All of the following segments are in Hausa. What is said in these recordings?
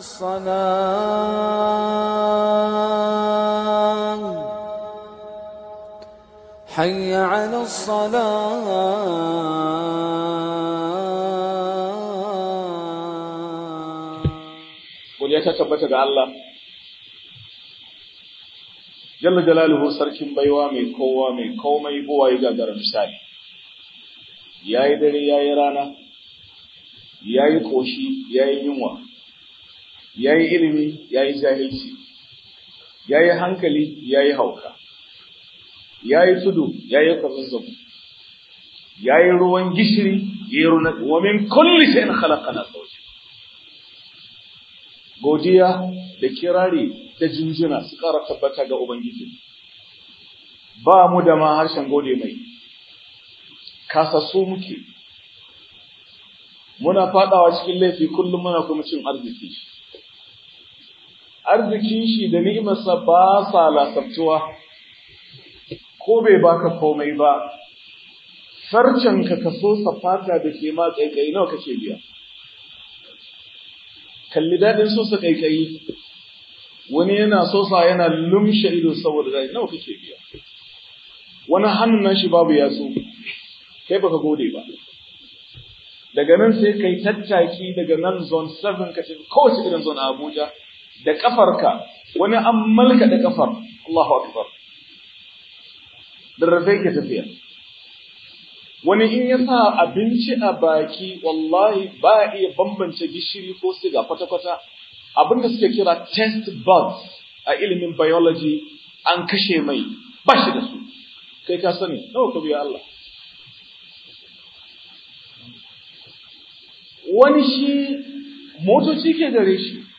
الصلاة حي على ta tabbata ga Allah jalla jalaluhu sarkin baiwa mai kowa mai komai buwaye gagara misali yayi dare yayi rana yayi koshi yayi yunwa ya yi ilimi ya yi jahilci ya yi hankali ya yi hauka ya yi tudu ya yi kwazazzabu ya yi ruwan gishiri ya yi ruwan wa sai kulli shay'in na zawjayn godiya da kirari da jinjina su ƙara tabbata ga ubangiji ba mu da ma harshen gode mai kasassu muke muna fadawa cikin laifi kullum muna kuma cin arziki arzikin shi da ni'imarsa ba sa lasabtuwa ko bai baka komai ba farcen ka kaso safata da ke ma kaikai nawa kake biya kalli dadin so sa kaikai wani yana so sa yana lumshe ido saboda dadi nawa kake biya wani hannun nashi babu yatsu kai baka gode ba daga nan sai kai tattaki daga nan zone 7 ka kawai kowace irin zone a Abuja da ƙafarka wani an malka da kafar Allahu akbar rarrafe ke tafiya wani in ya sa abinci a baki wallahi ba iya bambance gishiri ko siga kwata-kwata abinda suke kira test buds a ilimin biology an kashe mai ba shi da su kai ka sani nawa ka biya Allah wani shi motoci ke gare shi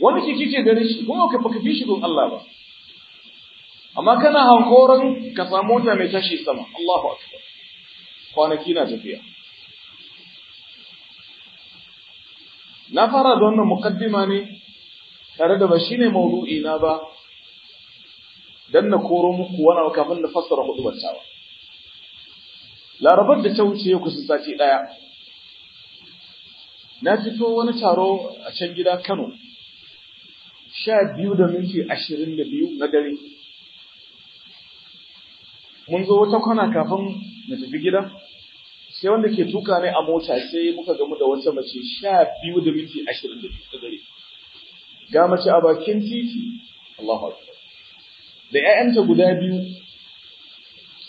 wani shi kike ganin shi kuma ka baka fi shi don Allah ba amma kana hankoran ka samu wata mai tashi sama Allahu akbar kwanaki na tafiya na fara da wannan mukaddima ne tare da ba shine maudu'i na ba dan na koro muku wani kafin na fassara hudu ba larabar da ta wuce kusa sati daya na fito wani taro a can gida Kano sha biyu da minti ashirin da biyu na dare mun zo wata kwana kafin na tafi gida sai wanda ke tuka ne a mota sai muka gamu da wata mace sha biyu da minti ashirin da biyu na dare ga mace a bakin titi Allahu Akbar da 'ya'yanta guda biyu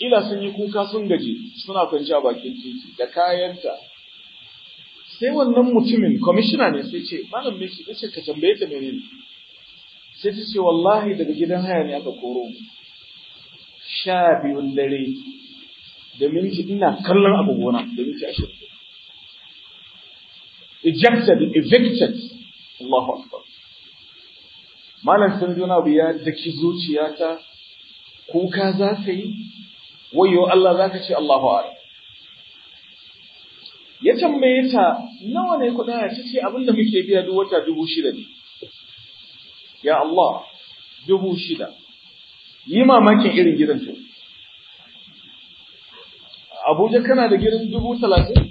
ila sun yi kuka sun gaji suna kwanci a bakin titi da kayanta sai wannan mutumin kwamishina ne sai ce malam me shi ce ka tambaye ta menene sai ta ce wallahi daga gidan haya ne aka koro sha biyun dare da minti ina kallon agogona da minti ashirin ejected evicted Allahu akbar malam sun juna abu ya daki zuciyata kuka za ka yi wayo Allah za ka ce Allahu akbar ya tambaye ta nawa ne kuɗin ya ce abinda muke biya duk wata dubu shida ne ya Allah dubu shida yi mamakin irin gidan to Abuja kana da gidan dubu talatin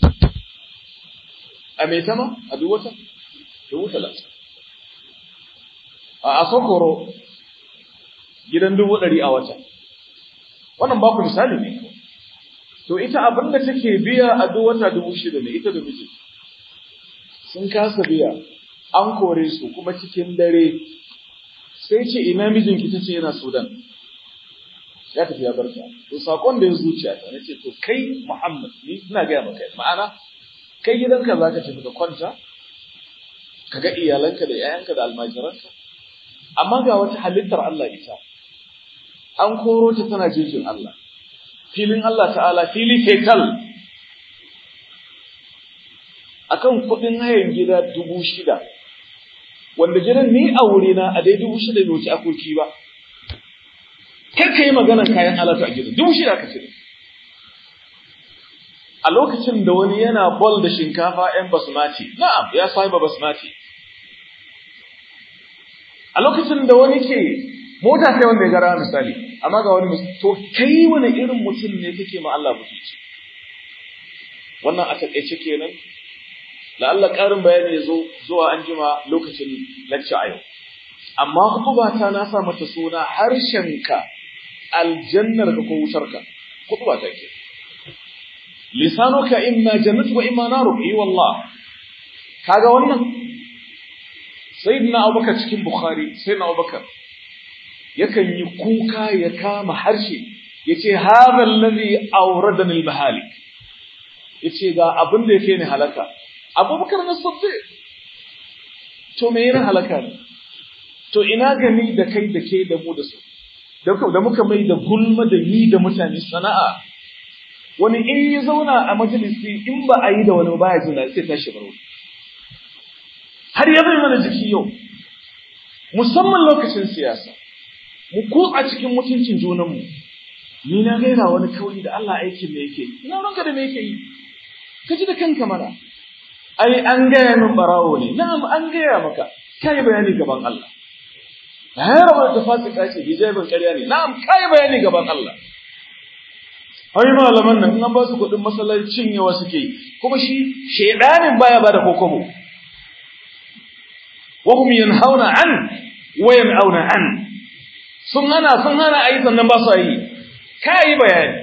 a mai sama, a duk wata dubu talatin a Sokoro gidan dubu ɗari a wata wannan ba ku misali ne to ita abin da take biya a duk wata dubu shida ne ita da miji sun kasa biya an kore su kuma cikin dare sai ce ina mijinki ta ce yana Sudan ya tafi ya bar ta to sakon da ya zuciya ta nace to kai Muhammad ni ina ga maka ma'ana kai gidanka zaka tafi da kwanta ka ga iyalanka da 'ya'yanka da almajiranka amma ga wata halittar Allah ita an koro ta tana jejin Allah filin Allah ta'ala fili fetal akan kuɗin hayan gida dubu shida wanda jinin ni a wurina a dai dubu shida bai wuce kurki ba kar ka yi maganar kayan halatta a gidan dubu shida ka cire a lokacin da wani yana bol da shinkafa yan basmati na'am ya ba basmati a lokacin da wani ke mota sai wanda ya gara misali amma ga wani to kai wani irin mutum ne kake ma Allah mutunci wannan a taƙaice kenan la'alla ƙarin bayani zo zuwa an jima lokacin lecture a yau amma hutuba ta na sa mata suna harshenka aljannar ka ko wutarka ba ta ke lisanuka imma jannatu wa imma naru yi eh wallah kaga wannan na abubakar cikin bukhari na abubakar yakan yi kuka ya kama harshe yace hadha alladhi awradani almahalik yace ga abin da yake ni halaka abubakar na siddiq to me yana halaka ne to ina gani da kai da ke da mu da su da muka mai da gulma da yi da mutane sana'a wani in yi zauna a majalisi in ba a yi da wani baya jin sai tashi baro har ya bai mana jiki yau musamman lokacin siyasa mu ko a cikin mutuncin junanmu ni na gaira wani kauri da Allah aiki me yake ina ranka da me yake yi ka ji da kanka mana ai an gaya min barawo ne na'am an gaya maka kai bayani gaban Allah hayar ta fasika ce hijabin ƙarya ne na'am kai bayani gaban Allah ai malaman nan an ba su kuɗin masallacin yawa suke kuma shi shedanin baya bada kokobo wa hum yanhauna an wa yam'auna an sun hana sun ana ayi sannan ba su yi kai bayani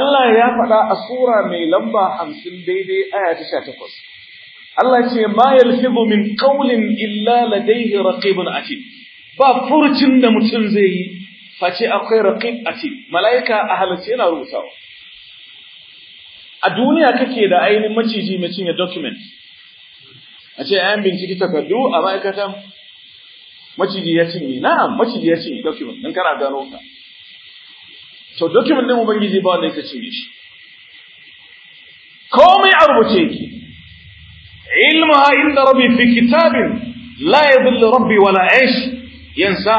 Allah ya faɗa a sura mai lamba hamsin daidai aya ta sha takwas. Allah ce ma yalfizu min ƙaunin illa ladayhi raqibun atid. Ba furcin da mutum zai yi face akwai raqib atid. Mala'ika a halarci yana rubutawa. A duniya kake da ainihin maciji mai cinye document. A ce ‘Yan binciki takardu a ma'aikatan maciji ya cinye. Na'am, maciji ya cinye document. kana gano ka. to document din ubangiji ba wanda yake cire shi komai a rubuce yake ilmuha inda rabbi fi kitabin la yadhillu rabbi wala aish yansa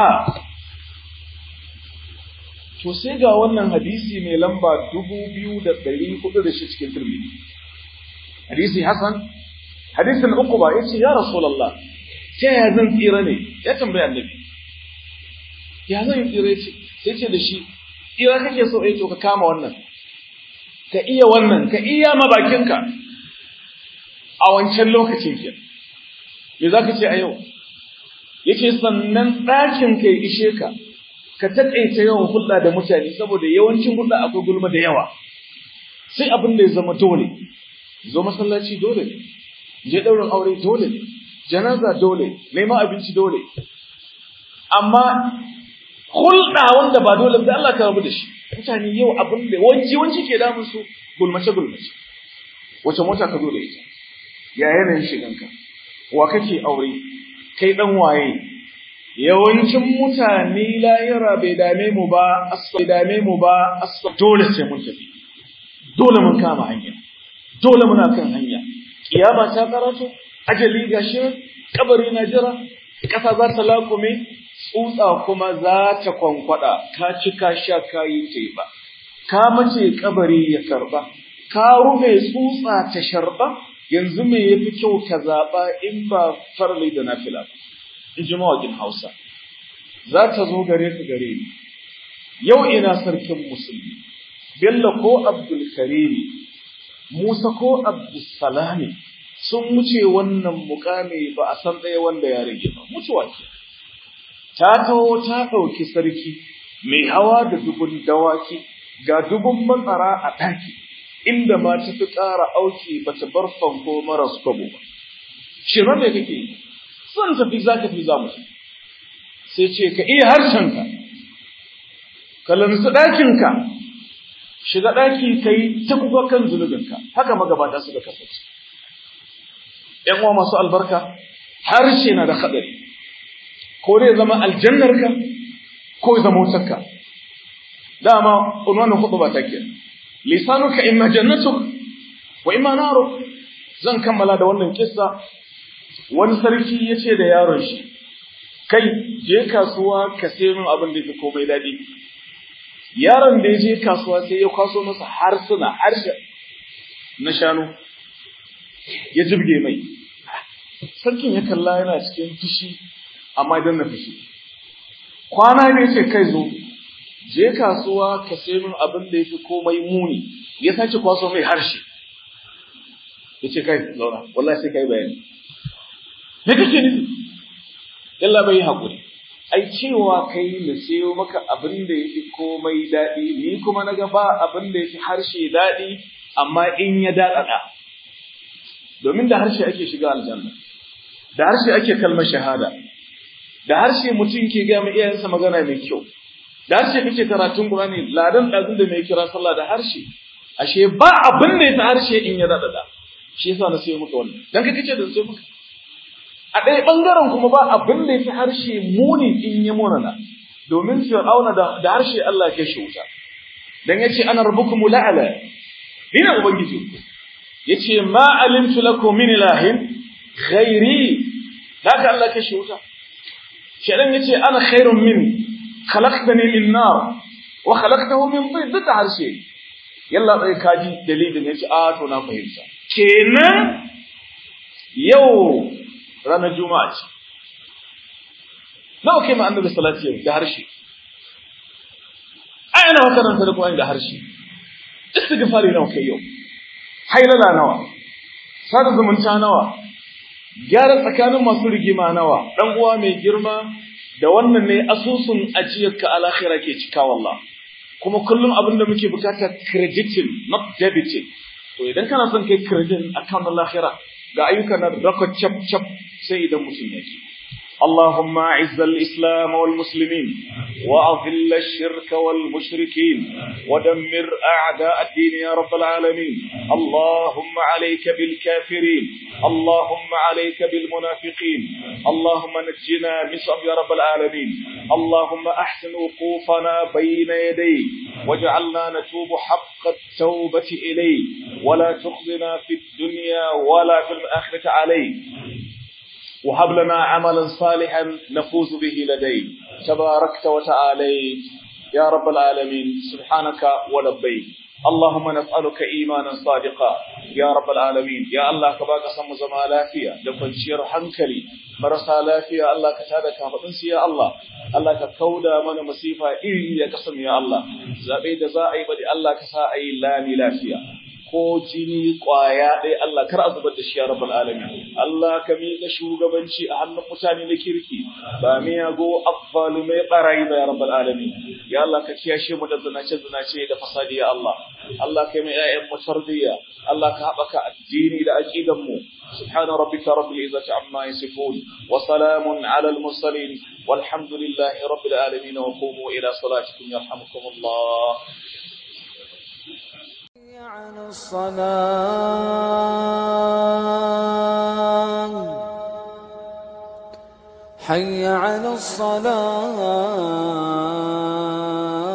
to sai ga wannan hadisi mai lamba 2406 cikin Tirmidhi hadisi Hassan hadisin Uqba yace ya Rasulullah sai ya zan tsira ne ya tambaya Annabi ya zan tsira ce sai ce da shi iwa kake so eh to ka kama wannan. Ka iya wannan, ka iya ma mabakinka a wancan lokacin ke. Me za ka ce a yau? Yake sannan ɗakin ka ya ishe ka, ka taƙaita yawan hulɗa da mutane saboda yawancin hulɗa akwai gulma da yawa. Sai abin da ya zama dole, zo masallaci dole je ɗaurin aure dole janaza dole, neman abinci dole. Amma hulɗa wanda ba dole ba Allah ka rabu da shi mutane yau abin da wanci wanci ke damun su gulmace gulmace wace mota ka zo da ita ya yanayin shiganka wa kake aure kai dan waye yawancin mutane layira bai dame mu ba asfa dame mu ba asfa dole sai mun tafi dole mun kama hanya dole muna kan hanya kiyama ta karatu ajali gashi kabari na jira Ƙasa za ta lakume tsutsa kuma za ta kwankwada ka ci ka sha ka yi ba. ka mace kabari ya karba ka rufe tsutsa ta sharba yanzu me yafi kyau ka zaɓa in ba farli da nafila in ji mawakin hausa za ta zo gare ka gare ni yau ina sarkin musulmi bello ko abdul karimi musa ko abdul salami sun wuce wannan mukami ba a san ɗaya wanda ya rage ba mutuwa ke ta kawo ta ɗauki sarki mai hawa da dubun dawaki ga dubun matsara a ɗaki inda ma ta fi ƙara auki ba ta bar fanko maras kwabo ba. Shirar da kake son tafi za ka fi za mu sai ce ka iya harshenka, ka lansu ɗakinka, shiga ɗaki ka yi ta kuka kan zunubinka, haka magabata suka kasance. ‘Yan uwa masu albarka, harshe na da haɗari. ko zai zama aljannarka ko zama wutarka dama wannan khutba ba take lisanuka imma jannatu wa imma naru zan kammala da wannan kissa wani sarki yace da yaron shi kai je kasuwa ka sayi min abin da fi komai daɗi yaron da ya je kasuwa sai ya kwaso masa harsuna harshe na shanu ya jibge mai sarkin ya kalla yana cikin fushi amma idan na fushi kwana ne ce kai zo je kasuwa ka sai min abin da ya fi komai muni ya sace kwaso mai harshe ya ce kai zauna wallahi sai kai bayani me kake nufi yalla bai hakuri ai cewa kai na sayo maka abin da ya fi komai daɗi ni kuma na ga ba abin da ya fi harshe daɗi amma in ya daɗaɗa domin da harshe ake shiga aljanna da harshe ake kalmar shahada da harshe mutum ke gaya mai iyayensa magana mai kyau da harshe kake karatun Qur'ani ladan dazun da mai kira sallah da harshe ashe ba abin da ta harshe in ya dada shi yasa na sai muka wannan dan kake ce da sai muka a ɗaya bangaren kuma ba abin da ta harshe muni in ya murana. domin auna da harshe Allah ya shi wuta dan yace ana rabbukum la'ala dina ubangiji yace ma alimtu lakum min ilahin khairi haka Allah ke shi wuta كلام يتي أنا خير من خلقتني من نار وخلقته من طين ده تعرسي يلا كاجي دليل من يتي آت ونا فهمسا كينا يو رانا جمعة نو كيما أنه بصلاة يو ده عرشي أنا وكنا نتدقوا أين ده عرشي استغفاري نو كي يو حيلا لا نوا صادق من تانوا gyara tsakanin masu rigima nawa ɗan uwa mai girma da wannan ne asusun ajiyarka a lahira ke cika walla, kuma kullum abin da muke bukata crediting not debiting to idan kana son kai credit account na lahira ga ayyukan na record chap chap sai idan mutum yake اللهم أعز الإسلام والمسلمين وأذل الشرك والمشركين ودمر أعداء الدين يا رب العالمين اللهم عليك بالكافرين اللهم عليك بالمنافقين اللهم نجنا مصر يا رب العالمين اللهم أحسن وقوفنا بين يديك واجعلنا نتوب حق التوبة إليك ولا تخزنا في الدنيا ولا في الآخرة عليك وهب لنا عملا صالحا نفوز به لديك تباركت وتعاليت يا رب العالمين سبحانك ولبيك اللهم نسألك إيمانا صادقا يا رب العالمين يا الله كباك سم زما لافيا دفن شير حنكلي مرسا لافيا الله كتابة كامتنس يا الله الله ككودا من مسيفة إيه يا قسم يا الله زابيد زائي بدي الله كسائي لامي لافيا ko jini kwaya ɗaya Allah kar a zubar da shi ya rabbal alamin Allah ka miƙa shugabanci a hannun mutane na kirki ba miyago azzalumai barayi ba ya rabbal alamin ya Allah ka kiyashe mu da zinace zinace da fasadi ya Allah Allah ka yi ƴaƴan mu tarbiyya Allah ka haɓaka addini da aqidan mu سبحان ربك رب العزة عما يصفون وسلام على المرسلين والحمد لله رب العالمين وقوموا إلى صلاتكم يرحمكم الله عن الصلاة حي على الصلاة